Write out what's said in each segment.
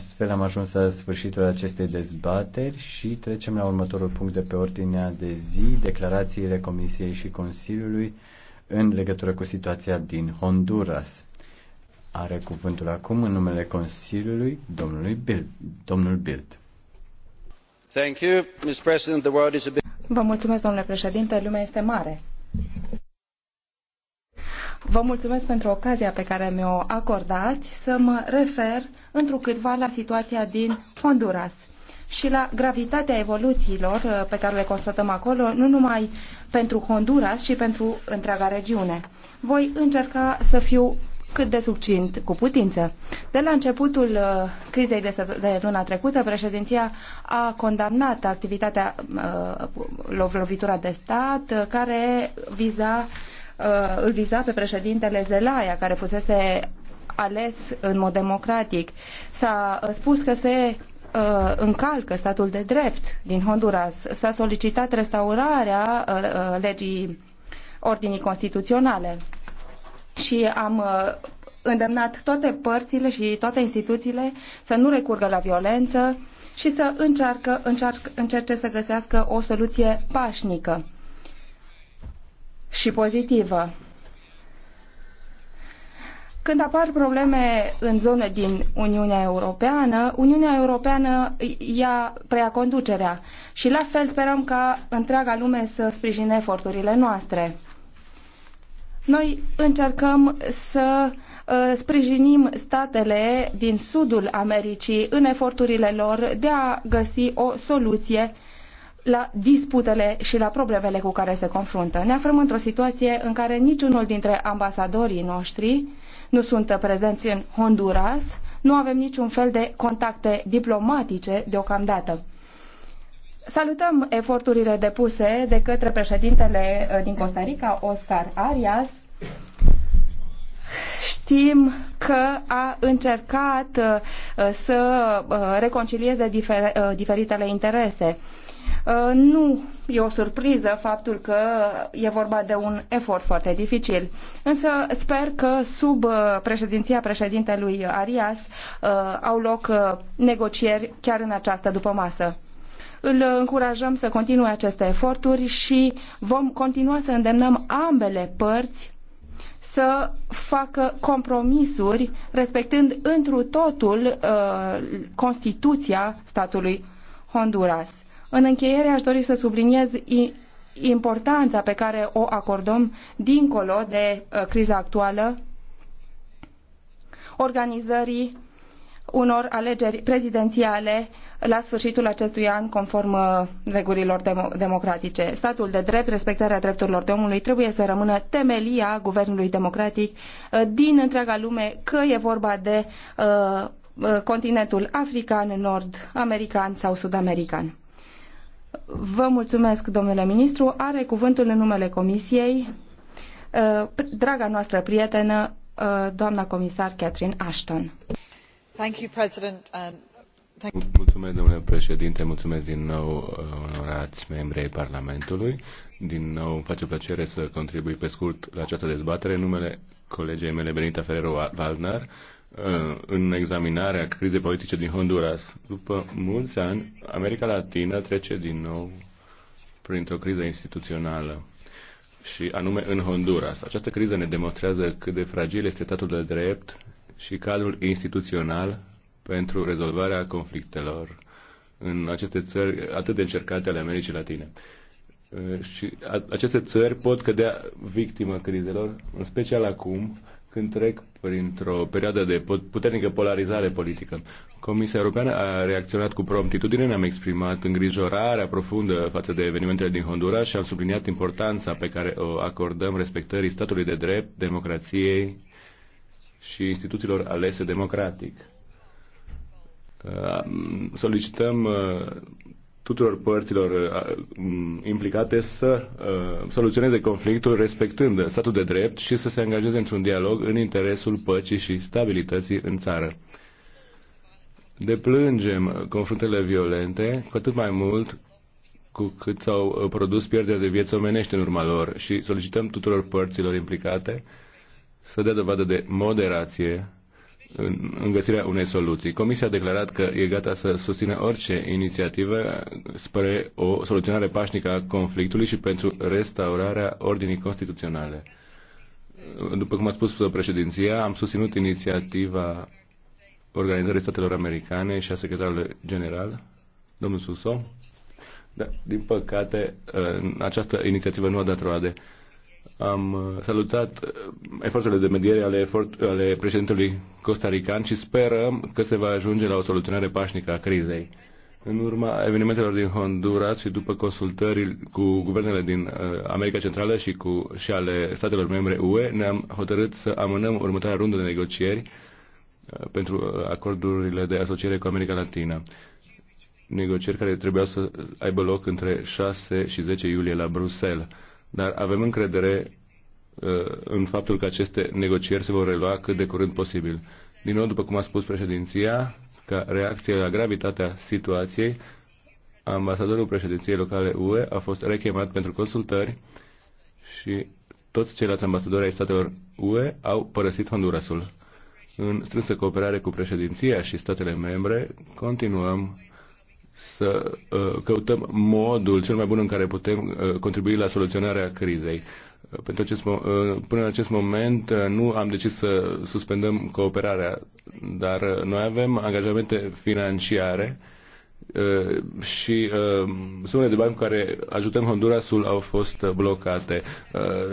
Astfel am ajuns la sfârșitul acestei dezbateri și trecem la următorul punct de pe ordinea de zi, declarațiile Comisiei și Consiliului în legătură cu situația din Honduras. Are cuvântul acum în numele Consiliului domnului Bild, domnul Bild. Thank you, Mr. President. The world is a bit... Vă mulțumesc, domnule președinte. Lumea este mare. Vă mulțumesc pentru ocazia pe care mi-o acordați să mă refer întrucâtva la situația din Honduras și la gravitatea evoluțiilor uh, pe care le constatăm acolo, nu numai pentru Honduras, ci pentru întreaga regiune. Voi încerca să fiu cât de succint cu putință. De la începutul uh, crizei de, de luna trecută, președinția a condamnat activitatea uh, lovitura de stat uh, care viza Uh, îl viza pe președintele Zelaya, care fusese ales în mod democratic. S-a uh, spus că se uh, încalcă statul de drept din Honduras. S-a solicitat restaurarea legii ordinii constituționale și am îndemnat toate părțile și toate instituțiile să nu recurgă la violență și să încearcă, încearcă, încerce să găsească o soluție pașnică și pozitivă. Când apar probleme în zone din Uniunea Europeană, Uniunea Europeană ia preia conducerea și la fel sperăm ca întreaga lume să sprijine eforturile noastre. Noi încercăm să ă, sprijinim statele din sudul Americii în eforturile lor de a găsi o soluție la disputele și la problemele cu care se confruntă. Ne aflăm într-o situație în care niciunul dintre ambasadorii noștri nu sunt prezenți în Honduras, nu avem niciun fel de contacte diplomatice deocamdată. Salutăm eforturile depuse de către președintele uh, din Costa Rica, Oscar Arias. Știm că a încercat uh, să uh, reconcilieze diferitele interese Uh, nu e o surpriză faptul că e vorba de un efort foarte dificil, însă sper că sub uh, președinția președintelui Arias uh, au loc negocieri chiar în această după masă îl încurajăm să continue aceste eforturi și vom continua să îndemnăm ambele părți să facă compromisuri respectând întru totul uh, Constituția statului Honduras. În încheiere aș dori să subliniez importanța pe care o acordăm dincolo de uh, criza actuală organizării unor alegeri prezidențiale la sfârșitul acestui an conform uh, regulilor democratice. Statul de drept, respectarea drepturilor de omului trebuie să rămână temelia guvernului democratic uh, din întreaga lume, că e vorba de continentul african, nord-american sau sud-american. Vă mulțumesc, domnule ministru. Are cuvântul în numele Comisiei uh, draga noastră prietenă, uh, doamna comisar Catherine Ashton. Thank you, President. Mulțumesc, domnule președinte, mulțumesc din nou, uh, onorați membri Parlamentului. Din nou, îmi face plăcere să contribui pe scurt la această dezbatere în numele colegei mele Benita Ferrero-Waldner, Uh, în examinarea crizei politice din Honduras. După mulți ani, America Latină trece din nou printr-o criză instituțională și anume în Honduras. Această criză ne demonstrează cât de fragil este statul de drept și cadrul instituțional pentru rezolvarea conflictelor în aceste țări atât de încercate ale Americii Latine. Uh, și aceste țări pot cădea victimă crizelor, în special acum, când trec printr-o perioadă de puternică polarizare politică. Comisia Europeană a reacționat cu promptitudine, ne-am exprimat îngrijorarea profundă față de evenimentele din Honduras și am subliniat importanța pe care o acordăm respectării statului de drept, democrației și instituțiilor alese democratic uh, solicităm uh, tuturor părților uh, uh, implicate să uh, soluționeze conflictul respectând statul de drept și să se angajeze într-un dialog în interesul păcii și stabilității în țară. Deplângem confruntările violente, cu atât mai mult cu cât s-au produs pierderi de vieți omenești în urma lor și solicităm tuturor părților implicate să dea dovadă de moderație în găsirea unei soluții. Comisia a declarat că e gata să susțină orice inițiativă spre o soluționare pașnică a conflictului și pentru restaurarea ordinii constituționale. După cum a spus președinția, am susținut inițiativa Organizării Statelor Americane și a secretarului general, domnul Suso. Da, din păcate, această inițiativă nu a dat roade. Am uh, salutat uh, eforturile de mediere ale, efort, ale președintelui costarican și sperăm că se va ajunge la o soluționare pașnică a crizei. În urma evenimentelor din Honduras și după consultări cu guvernele din uh, America Centrală și, cu, și ale statelor membre UE, ne-am hotărât să amânăm următoarea rundă de negocieri pentru acordurile de asociere cu America Latina. Negocieri care trebuiau să aibă loc între 6 și 10 iulie la Bruxelles dar avem încredere uh, în faptul că aceste negocieri se vor relua cât de curând posibil. Din nou, după cum a spus președinția, ca reacție la gravitatea situației, ambasadorul președinției locale UE a fost rechemat pentru consultări și toți ceilalți ambasadori ai statelor UE au părăsit Hondurasul. În strânsă cooperare cu președinția și statele membre, continuăm să uh, căutăm modul cel mai bun în care putem uh, contribui la soluționarea crizei. Uh, pentru acest, până în acest moment nu am decis să suspendăm cooperarea, dar noi avem angajamente financiare Uh, și uh, sumele de bani cu care ajutăm Hondurasul au fost uh, blocate.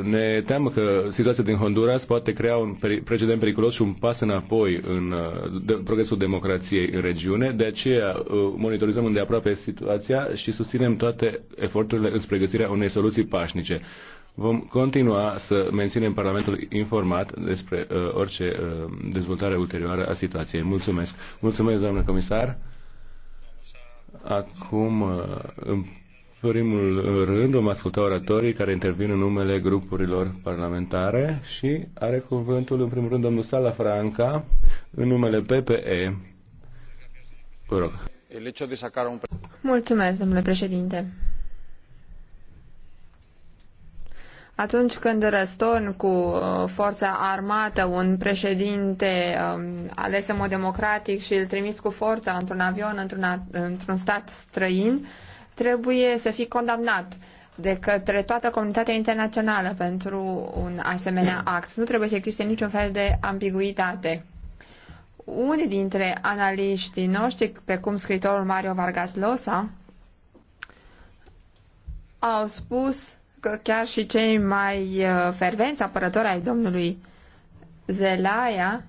Ne teamă că situația din Honduras poate crea un precedent periculos și un pas înapoi în progresul democrației în regiune. De aceea monitorizăm îndeaproape situația și susținem toate eforturile în pregătirea unei soluții pașnice. Vom continua să menținem Parlamentul informat despre uh, orice uh, dezvoltare ulterioară a situației. Mulțumesc. Mulțumesc, doamnă comisar. Acum, uh, în primul rând, vom asculta oratorii care intervin în numele grupurilor parlamentare și are cuvântul, în primul rând, domnul Sala Franca, în numele PPE. Vă rog. Mulțumesc, domnule președinte. Atunci când răstorn cu uh, forța armată un președinte um, ales în mod democratic și îl trimiți cu forța într-un avion, într-un, într stat străin, trebuie să fii condamnat de către toată comunitatea internațională pentru un asemenea act. Nu trebuie să existe niciun fel de ambiguitate. Unii dintre analiștii noștri, precum scritorul Mario Vargas Llosa, au spus că chiar și cei mai uh, fervenți apărători ai domnului Zelaya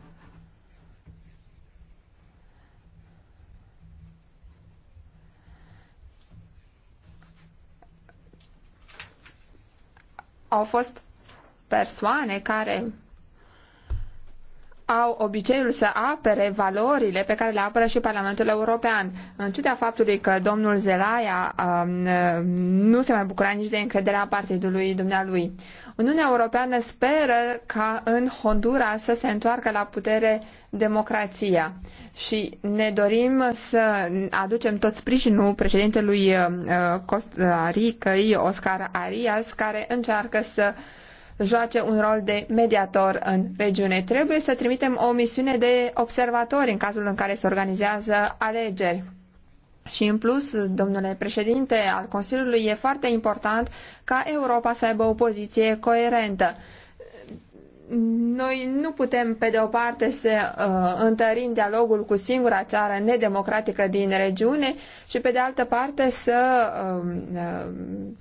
au fost persoane care au obiceiul să apere valorile pe care le apără și Parlamentul European. În ciuda faptului că domnul Zelaya um, uh, nu se mai bucura nici de încrederea partidului dumnealui. Uniunea Europeană speră ca în Honduras să se întoarcă la putere democrația și ne dorim să aducem tot sprijinul președintelui uh, Costa Ricăi, Oscar Arias, care încearcă să uh, joace un rol de mediator în regiune. Trebuie să trimitem o misiune de observatori în cazul în care se organizează alegeri. Și în plus, domnule președinte al Consiliului, e foarte important ca Europa să aibă o poziție coerentă noi nu putem, pe de o parte, să uh, întărim dialogul cu singura țară nedemocratică din regiune și, pe de altă parte, să um, uh, uh,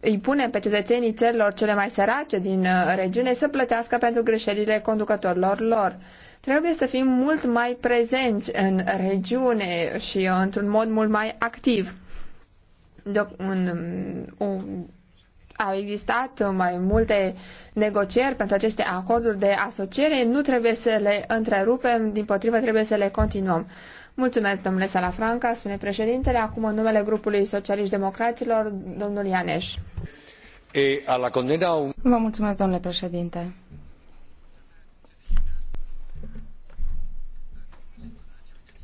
îi pune pe cetățenii țărilor cele mai sărace din uh, regiune să plătească pentru greșelile conducătorilor lor. Trebuie să fim mult mai prezenți în regiune și într-un mod mult mai activ. De- un, um, un, au existat mai multe negocieri pentru aceste acorduri de asociere, nu trebuie să le întrerupem, din potrivă trebuie să le continuăm. Mulțumesc, domnule Salafranca, spune președintele. Acum, în numele grupului Socialiști Democraților, domnul Ianeș. Vă mulțumesc, domnule președinte.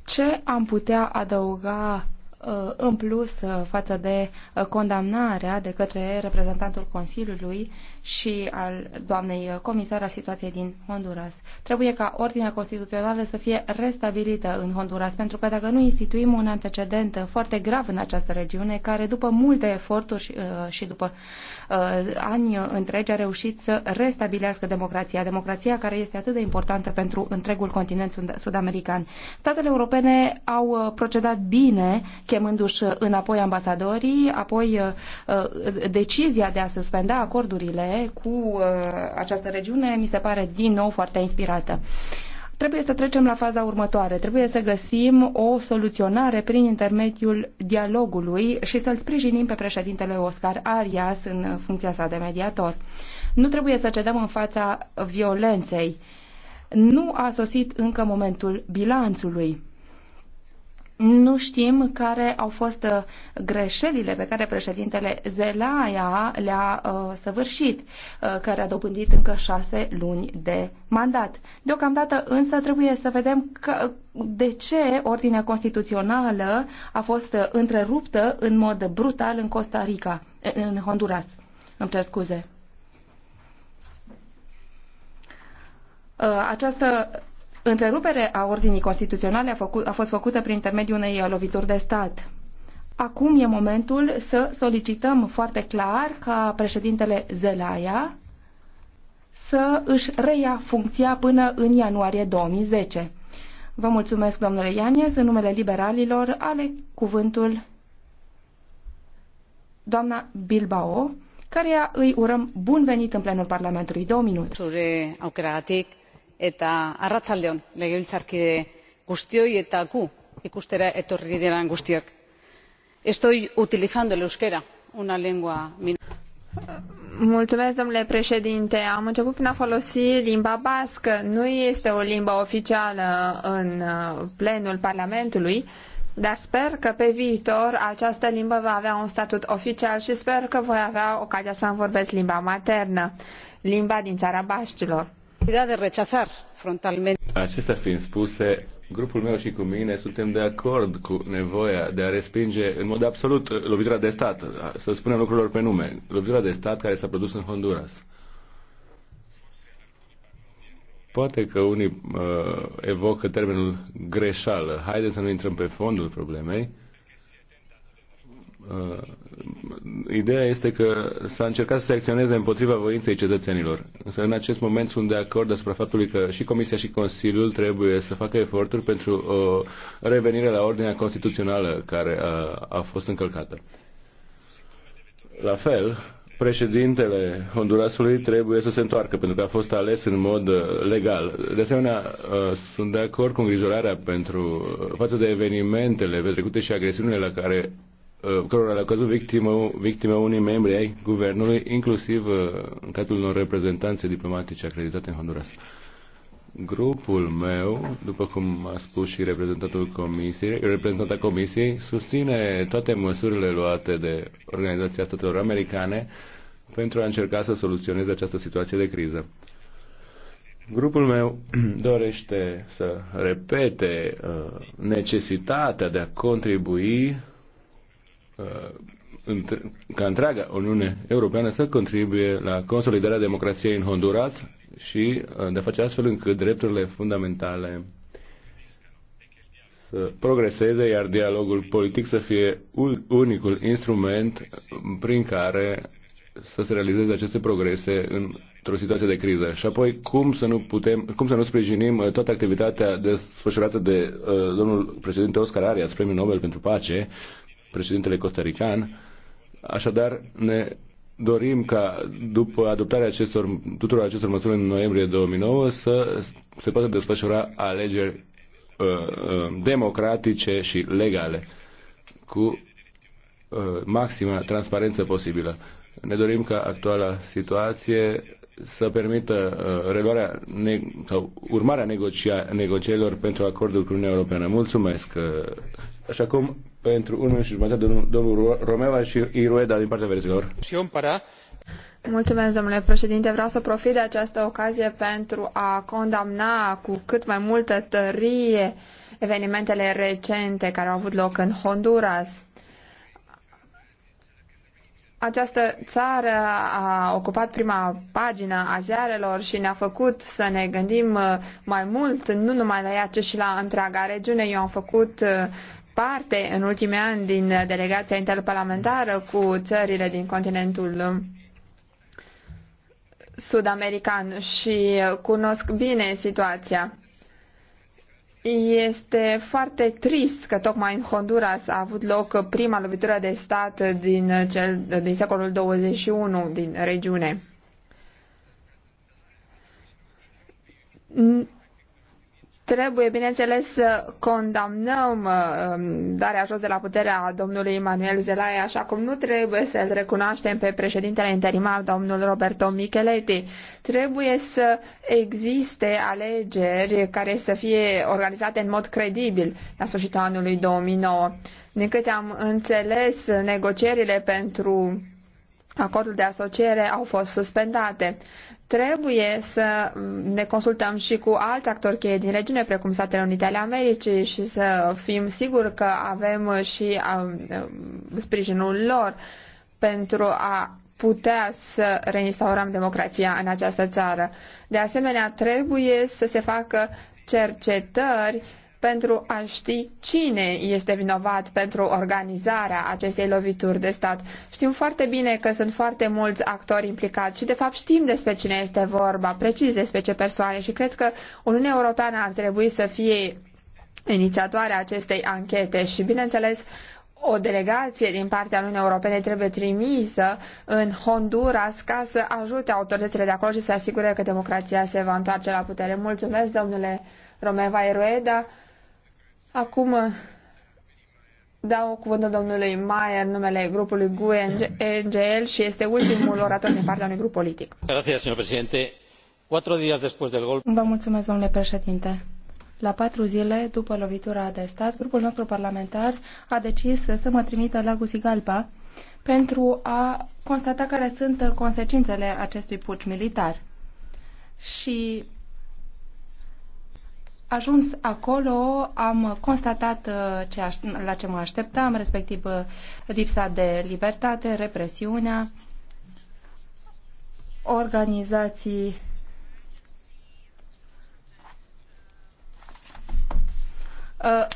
Ce am putea adăuga Uh, în plus uh, față de uh, condamnarea de către reprezentantul Consiliului și al doamnei comisar a situației din Honduras. Trebuie ca ordinea constituțională să fie restabilită în Honduras, pentru că dacă nu instituim un antecedent foarte grav în această regiune, care după multe eforturi și după ani întregi a reușit să restabilească democrația, democrația care este atât de importantă pentru întregul continent sud-american. Statele europene au procedat bine, chiar chemându-și înapoi ambasadorii, apoi uh, uh, decizia de a suspenda acordurile cu uh, această regiune mi se pare din nou foarte inspirată trebuie să trecem la faza următoare. Trebuie să găsim o soluționare prin intermediul dialogului și să-l sprijinim pe președintele Oscar Arias în funcția sa de mediator. Nu trebuie să cedăm în fața violenței. Nu a sosit încă momentul bilanțului nu știm care au fost uh, greșelile pe care președintele Zelaya le-a uh, săvârșit, uh, care a dobândit încă șase luni de mandat. Deocamdată însă trebuie să vedem că, de ce ordinea constituțională a fost uh, întreruptă în mod brutal în Costa Rica, uh, în Honduras. Îmi cer scuze. Uh, această Întrerupere a ordinii constituționale a, făcut, a fost făcută prin intermediul unei lovituri de stat. Acum e momentul să solicităm foarte clar ca președintele Zelaya să își reia funcția până în ianuarie 2010. Vă mulțumesc, domnule Ianies, în numele liberalilor, ale cuvântul doamna Bilbao, care îi urăm bun venit în plenul Parlamentului. Două minute. Autocratic, eta arratsalde on legebiltzarkide guztioi eta gu ikustera etorri diren guztioi. estoy utilizando el euskera una lengua Mulțumesc, domnule președinte. Am început prin a folosi limba bască. Nu este o limbă oficială în uh, plenul Parlamentului, dar sper că pe viitor această limbă va avea un statut oficial și sper că voi avea ocazia să-mi vorbesc limba maternă, limba din țara Baștilor. Acestea fiind spuse, grupul meu și cu mine suntem de acord cu nevoia de a respinge în mod absolut lovitura de stat, să spunem lucrurilor pe nume, lovitura de stat care s-a produs în Honduras. Poate că unii uh, evocă termenul greșeală. Haideți să nu intrăm pe fondul problemei. Uh, ideea este că s-a încercat să se acționeze împotriva voinței cetățenilor. Însă în acest moment sunt de acord asupra faptului că și Comisia și Consiliul trebuie să facă eforturi pentru o revenire la ordinea constituțională care a, a fost încălcată. La fel, președintele Hondurasului trebuie să se întoarcă, pentru că a fost ales în mod uh, legal. De asemenea, uh, sunt de acord cu îngrijorarea pentru, uh, față de evenimentele petrecute și agresiunile la care Uh, cărora le-au căzut victime, victime unii membri ai guvernului, inclusiv uh, în cadrul unor reprezentanțe diplomatice acreditate în Honduras. Grupul meu, după cum a spus și reprezentantul comisiei, reprezentanta comisiei, susține toate măsurile luate de Organizația Statelor Americane pentru a încerca să soluționeze această situație de criză. Grupul meu dorește să repete uh, necesitatea de a contribui Uh, ca întreaga Uniune Europeană să contribuie la consolidarea democrației în Honduras și uh, de a face astfel încât drepturile fundamentale să progreseze, iar dialogul politic să fie unicul instrument prin care să se realizeze aceste progrese într-o situație de criză. Și apoi, cum să nu, putem, cum să nu sprijinim uh, toată activitatea desfășurată de uh, domnul președinte Oscar Arias, premiul Nobel pentru pace, președintele costarican. Așadar, ne dorim ca după adoptarea acestor, tuturor acestor măsuri în noiembrie 2009 să se poată desfășura alegeri uh, uh, democratice și legale cu uh, maxima transparență posibilă. Ne dorim ca actuala situație să permită uh, reluarea ne- sau urmarea negocierilor pentru acordul cu Uniunea Europeană. Mulțumesc! Uh, așa cum pentru unul și jumătate, domnul, domnul Romeva și Irueda din partea verzilor. Mulțumesc, domnule președinte. Vreau să profit de această ocazie pentru a condamna cu cât mai multă tărie evenimentele recente care au avut loc în Honduras. Această țară a ocupat prima pagină a ziarelor și ne-a făcut să ne gândim uh, mai mult, nu numai la ea, ci și la întreaga regiune. Eu am făcut uh, parte în ultimii ani din delegația interparlamentară cu țările din continentul sud-american și cunosc bine situația. Este foarte trist că tocmai în Honduras a avut loc prima lovitură de stat din, cel, din secolul 21 din regiune Trebuie, bineînțeles, să condamnăm uh, um, darea jos de la puterea domnului Emanuel Zelaya, așa cum nu trebuie să-l recunoaștem pe președintele interimar, domnul Roberto Micheletti. Trebuie să existe alegeri care să fie organizate în mod credibil la sfârșitul anului 2009. Din câte am înțeles, negocierile pentru acordul de asociere au fost suspendate. Trebuie să ne consultăm și cu alți actori cheie din regiune, precum Statele Unite ale Americii, și să fim siguri că avem și um, um, sprijinul lor pentru a putea să reinstaurăm democrația în această țară. De asemenea, trebuie să se facă cercetări pentru a ști cine este vinovat pentru organizarea acestei lovituri de stat. Știm foarte bine că sunt foarte mulți actori implicați și de fapt știm despre cine este vorba, precis despre ce persoane și cred că Uniunea Europeană ar trebui să fie inițiatoarea acestei anchete și bineînțeles o delegație din partea Uniunii Europene trebuie trimisă în Honduras ca să ajute autoritățile de acolo și să asigure că democrația se va întoarce la putere. Mulțumesc, domnule Romeva Erueda. Acum uh, dau cuvântul domnului Maia numele grupului GUE NGL și este ultimul orator din partea unui grup politic. Vă mulțumesc, domnule președinte. La patru zile după lovitura de stat, grupul nostru parlamentar a decis să mă trimită la Gusigalpa pentru a constata care sunt consecințele acestui puci militar. Și ajuns acolo, am constatat uh, ce aș, la ce mă așteptam, respectiv uh, lipsa de libertate, represiunea, organizații uh,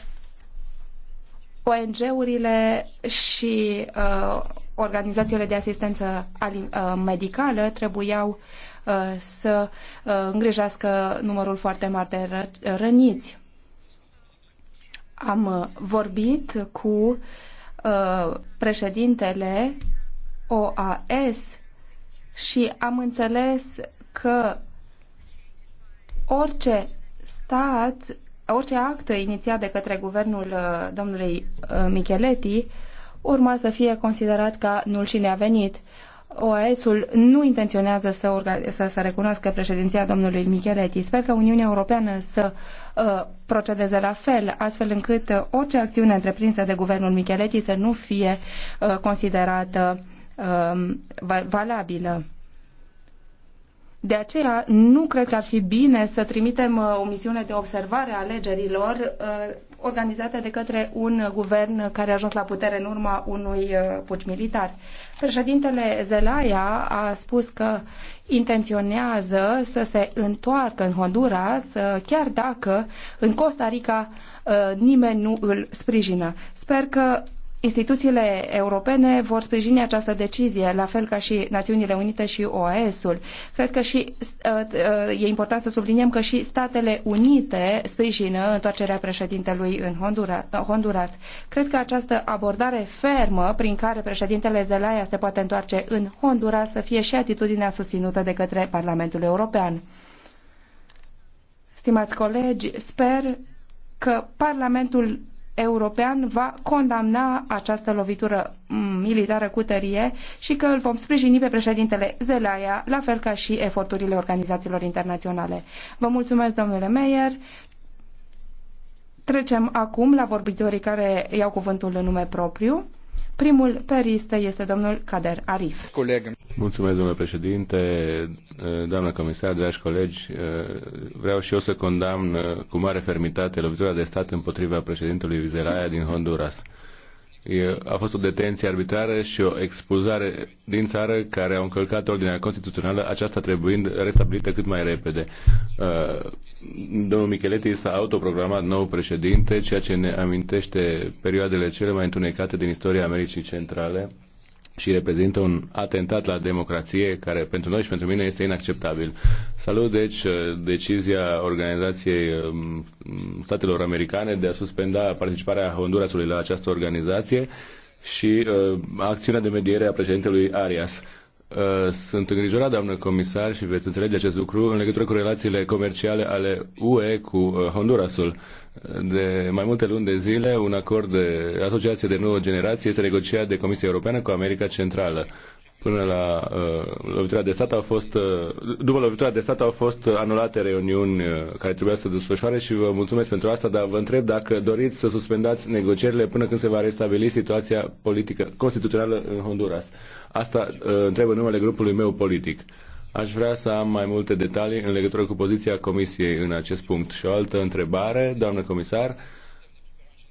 ONG-urile și organizațiile de asistență medicală trebuiau Uh, să uh, îngrijească numărul foarte mare de ră- răniți. Am uh, vorbit cu președintele OAS și am înțeles că orice stat, orice act inițiat de către guvernul domnului Micheletti urma să fie considerat ca nul și neavenit. OAS-ul nu intenționează să, să, să recunoască președinția domnului Micheletti. Sper că Uniunea Europeană să uh, procedeze la fel, astfel încât uh, orice acțiune întreprinsă de guvernul Micheletti să nu fie uh, considerată um, valabilă. De aceea, nu cred că ar fi bine să trimitem uh, o misiune de observare a alegerilor uh, organizate de către un guvern care a ajuns la putere în urma unui uh, puci militar. Președintele Zelaya a spus că intenționează să se întoarcă în Honduras, uh, chiar dacă în Costa Rica uh, nimeni nu îl sprijină. Sper că Instituțiile europene vor sprijini această decizie, la fel ca și Națiunile Unite și OAS-ul. Cred că și uh, uh, e important să subliniem că și Statele Unite sprijină întoarcerea președintelui în Honduras. Cred că această abordare fermă prin care președintele Zelaya se poate întoarce în Honduras să fie și atitudinea susținută de către Parlamentul European. Stimați colegi, sper că Parlamentul european va condamna această lovitură mm, militară cu tărie și că îl vom sprijini pe președintele Zelaya, la fel ca și eforturile organizațiilor internaționale. Vă mulțumesc, domnule Meyer. Trecem acum la vorbitorii care iau cuvântul în nume propriu. Primul pe listă este domnul Kader Arif. Coleg. Mulțumesc, domnule președinte, doamnă comisar, dragi colegi. Vreau și eu să condamn uh, cu mare fermitate lovitura de stat împotriva președintelui Vizeraia din Honduras a fost o detenție arbitrară și o expulzare din țară care au încălcat ordinea constituțională, aceasta trebuind restabilită cât mai repede. Uh, domnul Micheletti s-a autoprogramat nou președinte, ceea ce ne amintește perioadele cele mai întunecate din istoria Americii Centrale și reprezintă un atentat la democrație care pentru noi și pentru mine este inacceptabil. Salut, deci, uh, decizia Organizației um, Statelor Americane de a suspenda participarea Hondurasului la această organizație și uh, acțiunea de mediere a președintelui Arias. Uh, sunt îngrijorat, doamnă comisar, și veți înțelege acest lucru în legătură cu relațiile comerciale ale UE cu uh, Hondurasul. De mai multe luni de zile, un acord de asociație de nouă generație este negociat de Comisia Europeană cu America Centrală până la uh, lovitura de stat au fost, uh, după lovitura de stat au fost anulate reuniuni uh, care trebuia să se desfășoare și vă mulțumesc pentru asta, dar vă întreb dacă doriți să suspendați negocierile până când se va restabili situația politică constituțională în Honduras. Asta uh, întreb în numele grupului meu politic. Aș vrea să am mai multe detalii în legătură cu poziția Comisiei în acest punct. Și o altă întrebare, doamnă comisar, uh,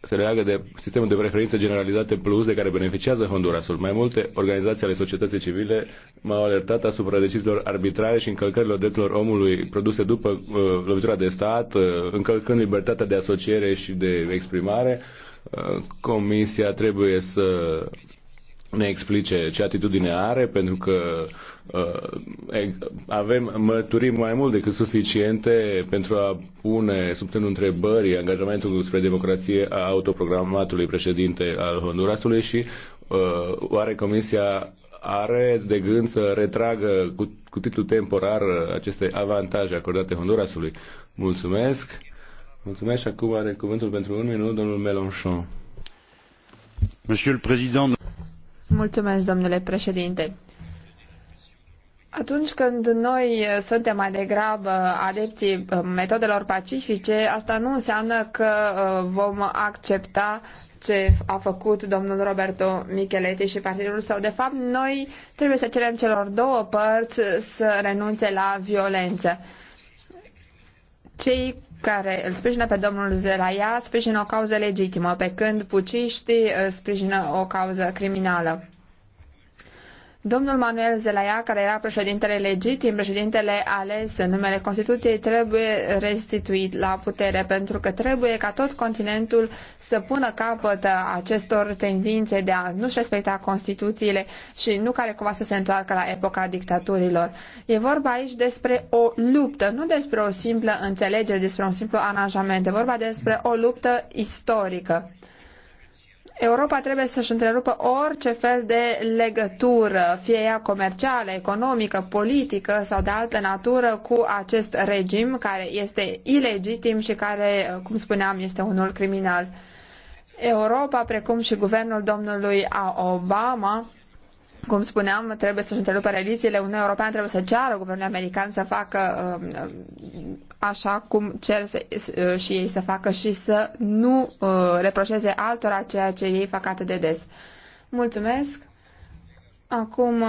se leagă de sistemul de preferințe generalizate plus de care beneficiază Hondurasul. Mai multe organizații ale societății civile m-au alertat asupra deciziilor arbitrare și încălcărilor drepturilor omului produse după uh, lovitura de stat, uh, încălcând libertatea de asociere și de exprimare. Uh, comisia trebuie să ne explice ce atitudine are, pentru că uh, avem mărturii mai mult decât suficiente pentru a pune sub semnul întrebării angajamentul spre democrație a autoprogramatului președinte al Hondurasului și uh, oare Comisia are de gând să retragă cu, cu titlu temporar aceste avantaje acordate Hondurasului. Mulțumesc! Mulțumesc și acum are cuvântul pentru un minut domnul Melonchon. Monsieur le Président, Mulțumesc, domnule președinte. Atunci când noi suntem mai degrabă adepții uh, metodelor pacifice, asta nu înseamnă că uh, vom accepta ce a făcut domnul Roberto Micheletti și partidul său. De fapt, noi trebuie să cerem celor două părți să renunțe la violență. Cei care îl sprijină pe domnul Zelaya, sprijină o cauză legitimă, pe când puciștii uh, sprijină o cauză criminală. Domnul Manuel Zelaya, care era președintele legitim, președintele ales în numele Constituției, trebuie restituit la putere, pentru că trebuie ca tot continentul să pună capăt acestor tendințe de a nu-și respecta Constituțiile și nu care cumva să se întoarcă la epoca dictaturilor. E vorba aici despre o luptă, nu despre o simplă înțelegere, despre un simplu aranjament, e vorba despre o luptă istorică. Europa trebuie să-și întrerupă orice fel de legătură, fie ea comercială, economică, politică sau de altă natură, cu acest regim care este ilegitim și care, cum spuneam, este unul criminal. Europa, precum și guvernul domnului Obama, cum spuneam, trebuie să-și întrerupă relițiile. Uniunea Europeană trebuie să ceară guvernul american să facă um, um, așa cum cer să, uh, și ei să facă și să nu uh, reproșeze altora ceea ce ei fac atât de des. Mulțumesc. Acum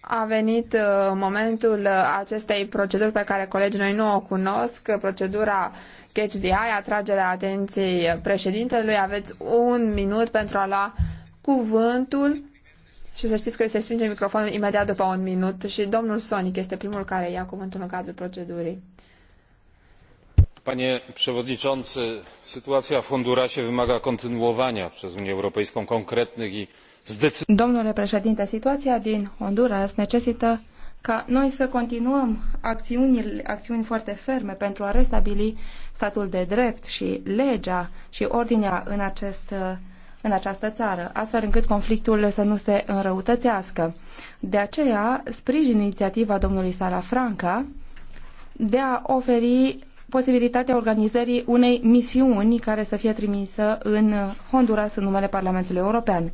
a venit uh, momentul acestei proceduri pe care colegii noi nu o cunosc, procedura Catch the Eye, atragerea atenției președintelui. Aveți un minut pentru a lua cuvântul și să știți că se strânge microfonul imediat după un minut și domnul Sonic este primul care ia cuvântul în cadrul procedurii. Panie przewodniczący, sytuacja w Hondurasie wymaga kontynuowania przez Unię Europejską konkretnych i zdecydowanych. Domnule președinte, situația din Honduras necesită ca noi să continuăm acțiuni, acțiuni foarte ferme pentru a restabili statul de drept și legea și ordinea în acest uh, în această țară, astfel încât conflictul să nu se înrăutățească. De aceea, sprijin inițiativa domnului Salafranca de a oferi posibilitatea organizării unei misiuni care să fie trimisă în Honduras în numele Parlamentului European.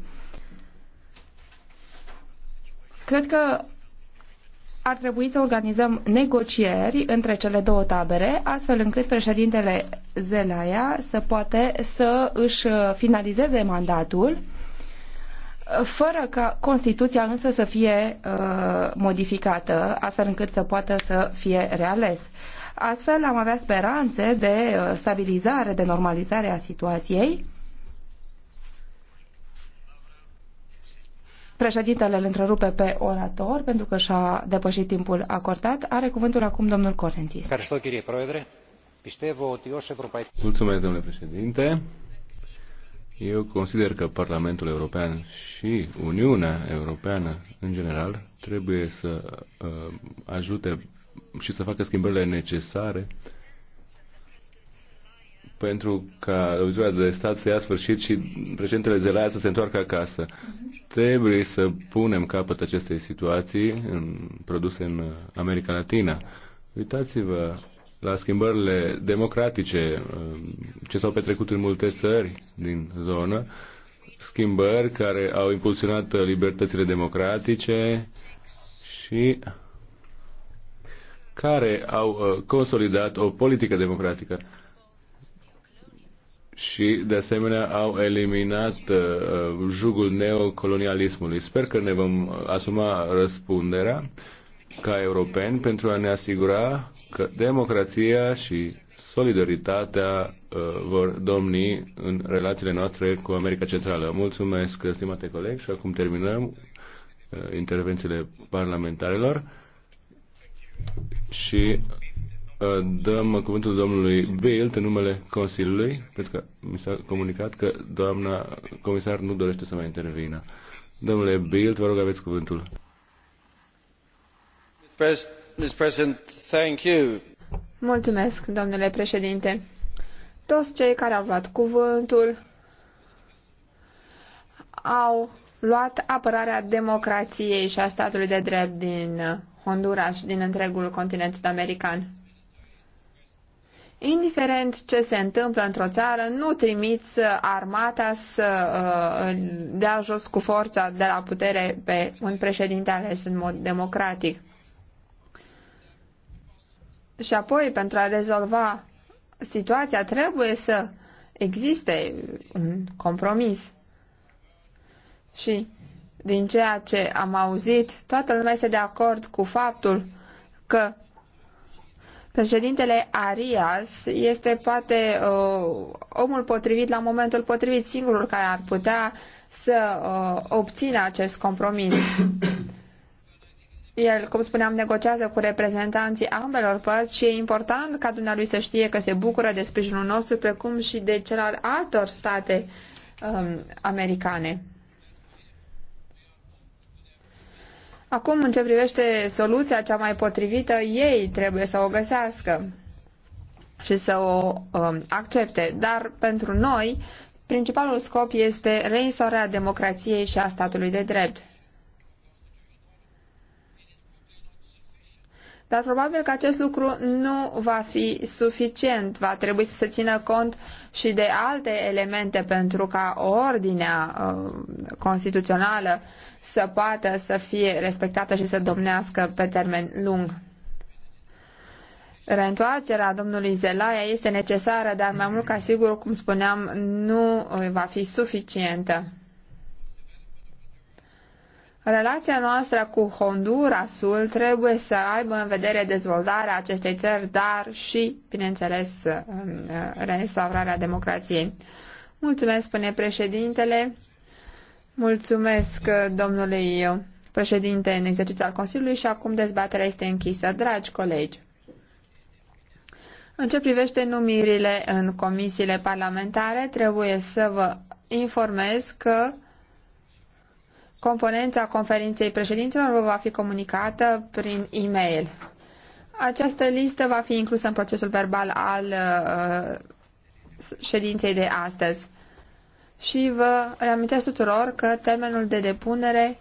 Cred că ar trebui să organizăm negocieri între cele două tabere, astfel încât președintele Zelaya să poate să își uh, finalizeze mandatul, uh, fără ca Constituția însă să fie uh, modificată, astfel încât să poată să fie reales. Astfel am avea speranțe de uh, stabilizare, de normalizare a situației Președintele îl întrerupe pe orator pentru că și-a depășit timpul acordat. Are cuvântul acum domnul Corentis. Mulțumesc, domnule președinte. Eu consider că Parlamentul European și Uniunea Europeană, în general, trebuie să uh, ajute și să facă schimbările necesare uh, pentru ca lovitura de stat să ia sfârșit și președintele Zelaya să se întoarcă acasă. Trebuie să punem capăt acestei situații în, produse în America Latina. Uitați-vă la schimbările democratice um, ce s-au petrecut în multe țări din zonă, schimbări care au impulsionat libertățile democratice și care au uh, consolidat o politică democratică și, de asemenea, au eliminat uh, jugul neocolonialismului. Sper că ne vom uh, asuma răspunderea ca europeni pentru a ne asigura că democrația și solidaritatea uh, vor domni în relațiile noastre cu America Centrală. Mulțumesc, stimate coleg, și acum terminăm uh, intervențiile parlamentarelor și dăm cuvântul domnului Bilt în numele Consiliului, pentru că mi s-a comunicat că doamna comisar nu dorește să mai intervină. Domnule Bilt, vă rog aveți cuvântul. Mr. President, thank you. Mulțumesc, domnule președinte. Toți cei care au luat cuvântul au luat apărarea democrației și a statului de drept din Honduras și din întregul continent american indiferent ce se întâmplă într-o țară, nu trimiți armata să uh, dea jos cu forța de la putere pe un președinte ales în mod democratic. Și apoi, pentru a rezolva situația, trebuie să existe un compromis. Și din ceea ce am auzit, toată lumea este de acord cu faptul că Președintele Arias este poate uh, omul potrivit la momentul potrivit, singurul care ar putea să uh, obțină acest compromis. El, cum spuneam, negociază cu reprezentanții ambelor părți și e important ca dumnealui să știe că se bucură de sprijinul nostru, precum și de cel al altor state um, americane. Acum, în ce privește soluția cea mai potrivită, ei trebuie să o găsească și să o um, accepte. Dar pentru noi, principalul scop este reinstaurarea democrației și a statului de drept. Dar probabil că acest lucru nu va fi suficient. Va trebui să se țină cont și de alte elemente pentru ca ordinea uh, constituțională să poată să fie respectată și să domnească pe termen lung. Reîntoarcerea domnului Zelaia este necesară, dar mai mult ca sigur, cum spuneam, nu va fi suficientă. Relația noastră cu Hondurasul trebuie să aibă în vedere dezvoltarea acestei țări, dar și, bineînțeles, reinstaurarea democrației. Mulțumesc, spune președintele. Mulțumesc domnului președinte în exercițiu al Consiliului și acum dezbaterea este închisă. Dragi colegi, în ce privește numirile în comisiile parlamentare, trebuie să vă informez că Componența conferinței președinților vă va fi comunicată prin e-mail. Această listă va fi inclusă în procesul verbal al uh, ședinței de astăzi. Și vă reamintesc tuturor că termenul de depunere